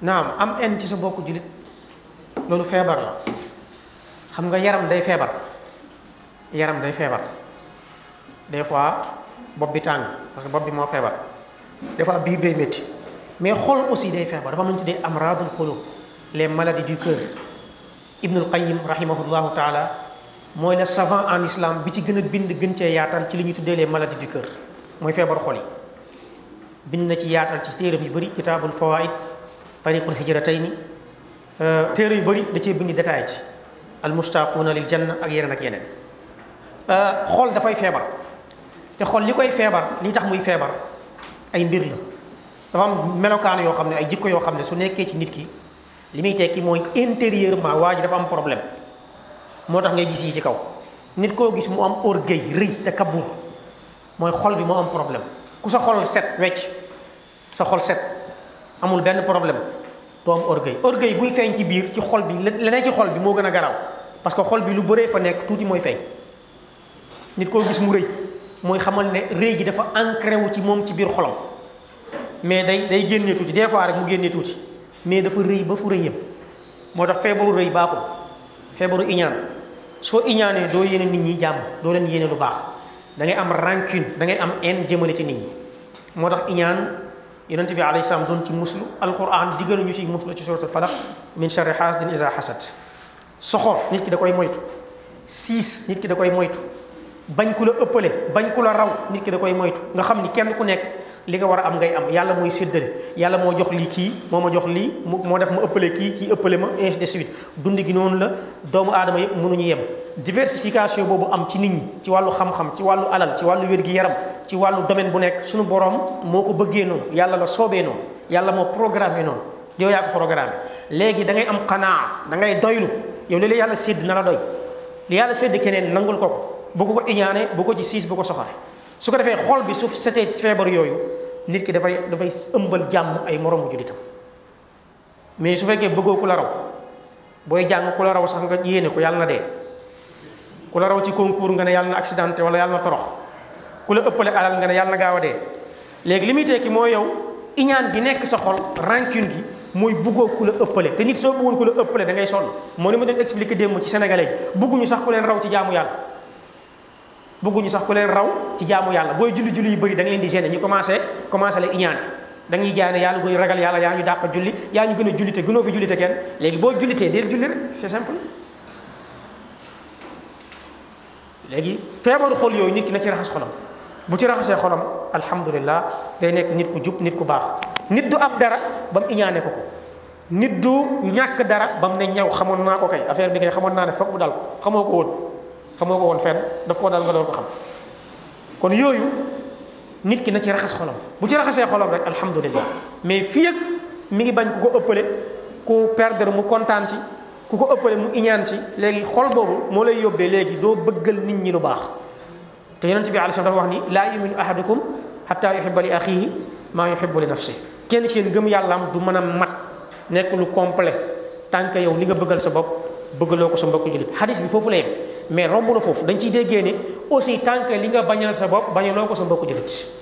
naam am en ci sa bokk jullit loolu feebar la xam nga yaram day feebar yaram day feebar des fois bopp bi tàng parce que bopp bi moo feebar des fois bii bay métti mais xol aussi day feebar dafa mën ci dee amradul qulub les maladies du cœur Ibnul Qayyim rahimahullahu taala mooy le savant en islam bi ci gën a bind gën cee yaatal ci li ñuy tuddee lee maladi du kër mooy feebar xol yi bind na ci yaatal ci téeram yu bëri kitaabul fawaid tariqul hijratayni euh, téere yu bëri da cee bind détail ci almustaquuna lil janna ak yeneen ak yeneen euh, xol dafay feebar te xol li koy feebar li tax muy feebar ay mbir la dafa am melokaan yoo xam ne ay jikko yoo xam ne su nekkee ci nit ki li muy tekki mooy intérieurement waa ji dafa am problème moo tax ngay gis yi ci kaw nit koo gis mu am orgueil rëy te kabur mooy xol bi moo am problème ku sa xol set wecc sa xol set amul benn problème doo am orgueil orgueil buy feeñ ci biir ci xol bi leneen ci xol bi moo gën a garaw parce que xol bi lu bëree fa nekk tuuti mooy feeñ nit koo gis mu rëy mooy xamal ne rëy gi dafa ancré wu ci moom ci biir xolam mais day day génnee tuuti des fois rek mu génnee tuuti mais dafa rëy ba fu rëy yem moo tax feebaru rëy baaxul feebaru iñaan soo iñaanee doo yéene nit ñi jàmm doo leen yéene lu baax da ngay am rancune da ngay am haine jëmale ci nit ñi yonente bi alayhi salaam doon ci muslu alquran digal ñu ci muslu ci suratul falaq min sharri hasidin iza hasad soxor nit ki da koy moytu siis nit ki da koy moytu bañ ku la ëppale bañ ku la raw nit ki da koy moytu nga xam ni kenn ku nekk li nga war a am ngay am yàlla mooy séddale yàlla moo jox lii kii moo ma jox lii moo def ma ëppale kii ci ëppale ma ainsi suite dund gi noonu la doomu aadama yëpp mënuñu yem diversification bobu am ci nit ñi ci walu xam-xam ci walu alal ci walu wergu yaram ci walu domaine bu nek suñu borom moko bëggé bëggee yalla la sobé noonu yalla mo programmé noonu yow ya ko programmé légui da ngay am qana da ngay doylu yow li yalla yàlla na la doy li yalla sédd keneen nangul ko bu ko ko iñaane bu ko ci six bu ko soxalé su ko défé xol bi su sété ci feebar yoyu nit ki da fay ëmbël jamm ay moromu julitam mais su féké bëggo ko la raw boy jang ko la raw sax nga yéné ko yalla na dé ku la raw ci concours nga ne yalla na accidenté wala yalla na torox ku la ëppale alal nga ne yalla na gawa dé légui limi téki muy yow iñaan gi nek sa xol rancune gi moy bugo ku la ëppale te nit so bëggoon ku la ëppale da ngay sonn mo ni mo doon expliquer dem ci sénégalais yi bugguñu sax ku len raw ci jaamu yàlla bugguñu sax ku len raw ci jaamu yalla boy julli julli yu bari da ngay len di gêné ñu commencé commencé la iñaan ngay jaane yalla gën ragal yalla yaa ñu dàq julli yaa ñu gën a jullite gënoo fi jullite kenn bo julli té dér julli rek c'est simple léegi febar xol yoy nit ki na ci raxas xolam bu ci raxasee xolam alhamdullilah day nek nit ku jup nit ku bax nit du am dara bam iñane ko ko nit du ñak dara bam ne ñaw xamoon naa ko kay affaire bi kay xamoon na ne foog bu dal ko xamoko won xamoko won fen daf ko dal nga do ko xam kon yoyu nit ki na ci raxas xolam bu ci raxasee xolam rek alhamdullilah mais fi ak mi ngi bañ ko ko eppele ko perdre mu contante ci ku ko ëppale mu iñaan ci léegi xol boobu moo lay yóbbee léegi doo bëggal nit ñi lu baax te yonent bi alayhi salaam dafa wax ni laa yuminu ahadukum hatta yuhibba li axihi maa yuhibbu li nafsi kenn ci yéen gëm yàllaam du mën a mat nekk lu complet tant yow li nga bëggal sa bopp bëggaloo ko sa mbokku jullit xadis bi foofu la yem mais romb na foofu dañ ciy déggee ne aussi tant li nga bañal sa bopp bañaloo ko sa mbokku jullit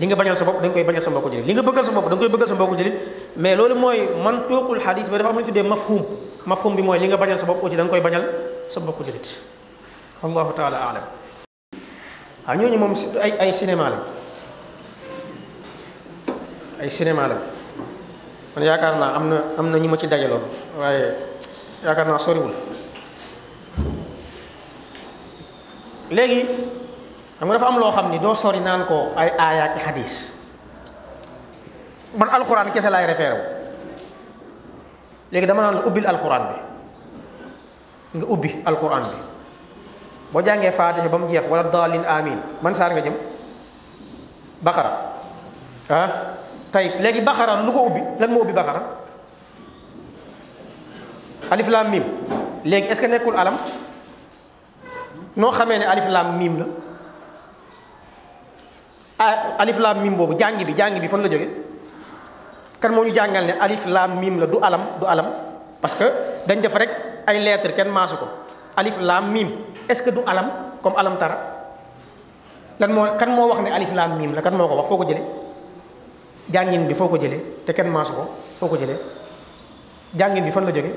li nga bañal sa bopp dang koy bañal sa mbokku julit li nga bëggal sa bopp dang koy bëggal sa mbokku julit mais loolu moy man tuuqul ba dafa am lu tuddé mafhum mafhum bi moy li nga bañal sa bopp ci dang koy bañal sa mbokku jëlit allahu taala alam ñu ñooñu moom ay ay cinéma la ay cinéma la man yaakaar naa amna na am na ñu ma ci dajaloon waaye yaakaar naa xam nga dafa am loo xam ni doo sori naan ko ay aaya ki xadis man alxuraan kese laay référé léegi dama naan la ubbil alxuraan bi nga ubbi alxuraan bi boo jàngee faatiha ba mu jeex wala daalin amin man saar nga jëm baqara ah léegi baqara lu ko ubbi lan moo ubbi baqara alif laam léegi est-ce que nekkul alam noo xamee ne alif miim la Ah, alif laam mim boobu jàng bi jàng bi fan la jóge kan moo ñu jàngal ne alif laam mim la du alam du alam parce que dañ def rek ay lettres kenn maasu ko alif laam mim est-ce que du alam comme alam tara lan moo kan moo wax ne alif laam mim la kan moo ko wax foo ko jëlee jàngin bi foo ko jële te kenn maasu ko foo ko jëlee jàngin bi fan la jóge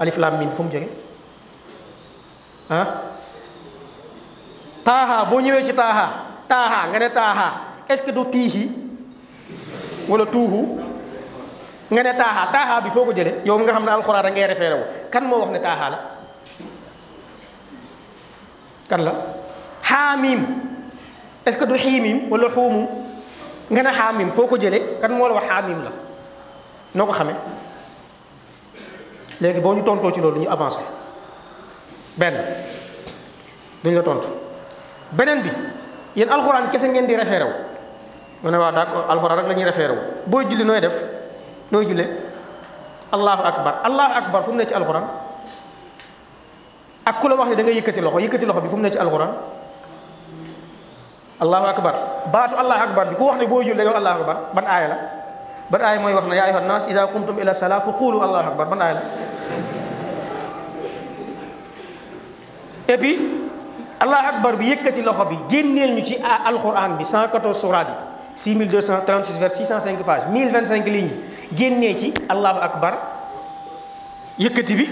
alif laam mim fu mu jóge ah boo ñëwee ci taaha taaxaa nga ne taaxaa est-ce que du tiihi wala tuuhu nga ne taaxaa taaxaa bi foo ko jëlee yow mi nga xam ne alxuraan rek ngay référé wu kan moo wax ne taaxaa la kan la xaamim est-ce que du xiimim wala xuumum nga ne xaamim foo ko jëlee kan moo la wax xaamim la noo ko xamee léegi boo ñu tontoo ci loolu ñu avancé benn duñ la tontu beneen bi. yéen alcorane kessé ngén di référé wu ne wa d'accord alcorane rek lañuy référé wu booy julli noy def noy julle allahu akbar allahu akbar fu ne ci alcorane ak kula wax ni da nga yëkëti loxo yëkëti loxo bi fu ne ci alcorane allahu akbar baatu allahu akbar bi ku wax ni boy julli da nga allahu akbar ban aya la ban aya moy wax na ya ayyuhan nas iza qumtum ila salaa faqulu allahu akbar ban aya la et puis allah akbar bi yëkkati loxo bi génneel ñu ci alquran bi 114 surat bi 6236 vers 605 page 1025 lignes yi génnee ci allahu akbar yëkkati bi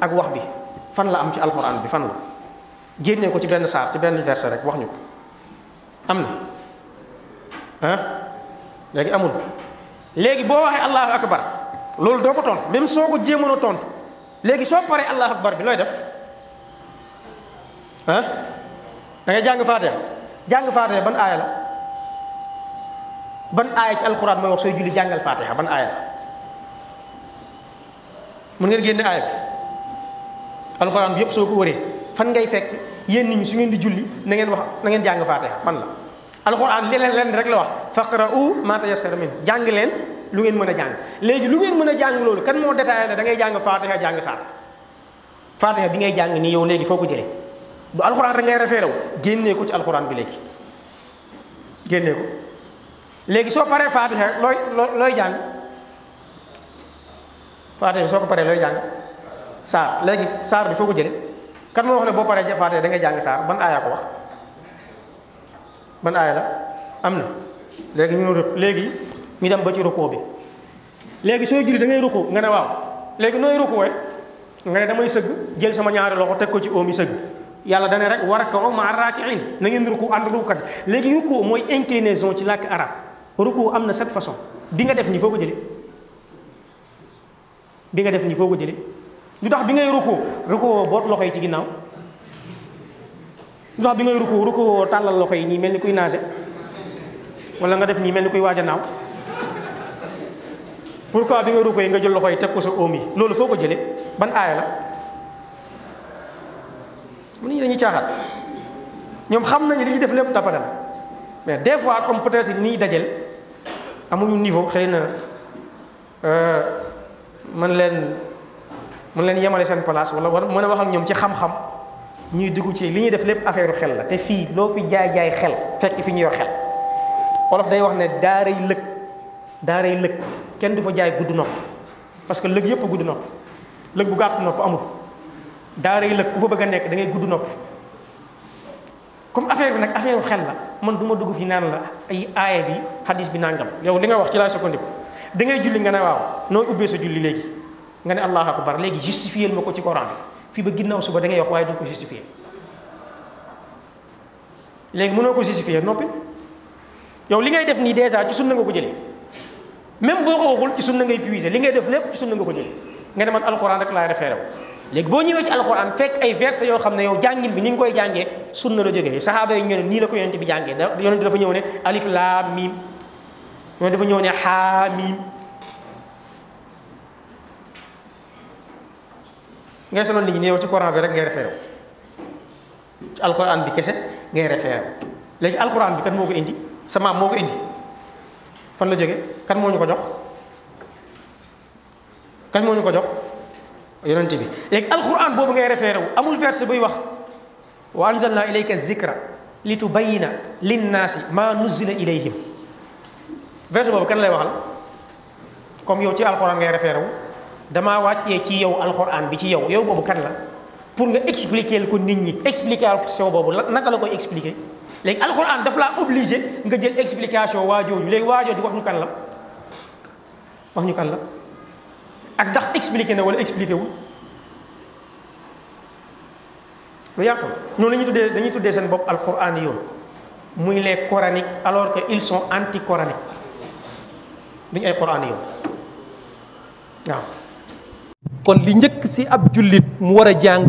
ak wax bi fan la am ci alquran bi fan la génnee ko ci benn saar ci benn verset rek wax ñu ko am na ah léegi amul léegi boo waxee allahu akbar loolu doo ko tontu même soo ko jéemoon a tontu léegi soo paree allahu akbar bi looy def ah da ngay jang fatiha jang fatiha ban aya la ban aya ci alquran moy wax soy julli jangal fatiha ban aya la mën ngeen genn aya alquran bi yëpp soko ko fan ngay fekk yéen ni su ngeen di julli na ngeen wax na ngeen jang fatiha fan la alquran leneen leen rek la wax faqra'u ma tayassara min jang leen lu ngeen mën jang legi lu ngeen mën jang lolu kan mo detaay la da ngay jang fatiha jang sa fatiha bi ngay jang ni yow legi foko jëlee du alxuraan rek ngay référé wu génnee ko ci alxuraan bi léegi génnee ko léegi soo paree faatiha looy looy jàng faatiha soo ko paree looy jàng saar léegi saar bi foo ko jële kan moo wax ne boo paree faatiha da ngay jàng saar ban aaya ko wax ban aaya la am na léegi ñu ne léegi ñu dem ba ci rukkoo bi léegi sooy julli da ngay rukkoo nga ne waaw léegi nooy rukkoo nga ne damay sëgg jël sama ñaari loxo teg ko ci óomi sëgg yàlla dana rek warka'u ma'a raaki'iin na ngeen ruku ànd rukukat léegi ruku mooy inclinaison ci làkk arab ruku am na sept façon bi nga def nii foo ko jëlee bi nga def nii foo ko jëlee lu bi ngay ruku ruku boot loxo yi ci ginnaaw lu bi ngay ruku ruku tàllal yi nii mel ni kuy naase wala nga def nii mel ni kuy waaj a naaw pourquoi bi nga ruku yi nga jël loxo yi teg ko sa oom yi loolu foo ko jële ban aaya la nit ñi dañuy caaxaan ñoom xam nañu li ñuy def lépp tappale mais des fois comme peut-être nii dajel amuñu niveau xëy na euh, mën leen mën leen yemale seen place wala war mën a wax ak ñoom ci xam-xam ñuy diggu ci li ñu def lépp affaire xel la te fii loo fi jaay jaay xel fekk fi ñuy wax xel olof day wax ne daaray lëg daaray lëg kenn du fa jaay gudd nopp parce que lëg yëpp gudd nopp lëg bu gàtt nopp amul. daara yi lëg ku fa bëgg a nekk da ngay gudd nopp comme affaire bi nag affaire xel la man duma ma dugg fi naan la ay aaya bi hadis bi nangam yow li nga wax ci laa sukkandiku da ngay julli nga ne waaw nooy ubbee sa julli léegi nga ne allahu akbar léegi justifié ma ko ci coran fii ba ginnaaw suba da ngay wax waaye doo ko justifié léegi mënoo ko justifié noppi yow li ngay def nii dèjà ci sunna nga ko jële même boo ko waxul ci sunna ngay puiser li ngay def lépp ci nga ko jëlee nga ne man alxuraan rek laay léegi boo ñëwee ci alxuraan fekk ay verset yoo xam ne yow jàngin bi ni ñu koy jàngee sunna la jógee saxaaba yi ñu ne nii la ko yonent bi jàngee da yonent dafa ñëw ne alif laam miim yonent dafa ñëw ne xaa miim ngay sonal nit ñi ne yow ci Coran rek ngay référé alxuraan bi kese ngay référé léegi alxuraan bi kan moo ko indi sa maam moo ko indi fan la jóge kan moo ñu ko jox kan moo ñu ko jox يونتي بي ليك القران بوب غاي ريفيرو امول فيرس بي واخ وانزلنا اليك الذكر لتبين للناس ما نزل اليهم فيرس بوب كان لاي واخال كوم يو تي القران غاي ريفيرو دما واتي تي يو القران بي تي يو يو بوب كان لا pour nga expliquer ko nit ñi expliquer action bobu naka la koy expliquer leg alcorane daf la obliger nga jël explication wa joju leg wa joju wax ñu kan la wax ñu kan la ak ndax expliqué na wala expliqué wul lu yaatu noonu la ñuy tuddee dañuy tuddee seen bopp alquran yoon muy les coraniques alors que ils sont anti coraniques duñu ay quran yoon waaw. kon li njëkk si ab jullit mu war a jàng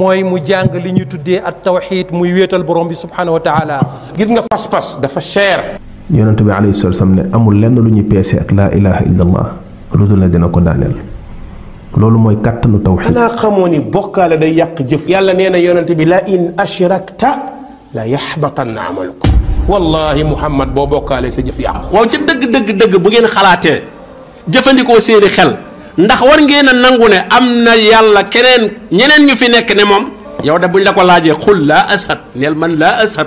mooy mu jàng li ñuy tuddee ak tawxiit muy wéetal borom bi subxanahu wa gis nga pas-pas dafa cher. yonent bi alayhi salaam ne amul lenn lu ñu peese ak laa ilaha illallah. lu dul ne dina ko daaneel loolu mooy kàttanu tawxid xanaa xamoo ni bokkaale day yàq jëf yàlla nee na yonente bi la in ashrakta la yaxbatanna amaluko wallahi muhammad boo bokkaale sa jëf yàqu waaw ca dëgg dëgg dëgg bu ngeen xalaatee jëfandikoo seeni xel ndax war ngeen a nangu ne am na yàlla keneen ñeneen ñu fi nekk ne moom yow de buñ la ko laajee xul laa ashad neel man laa ashad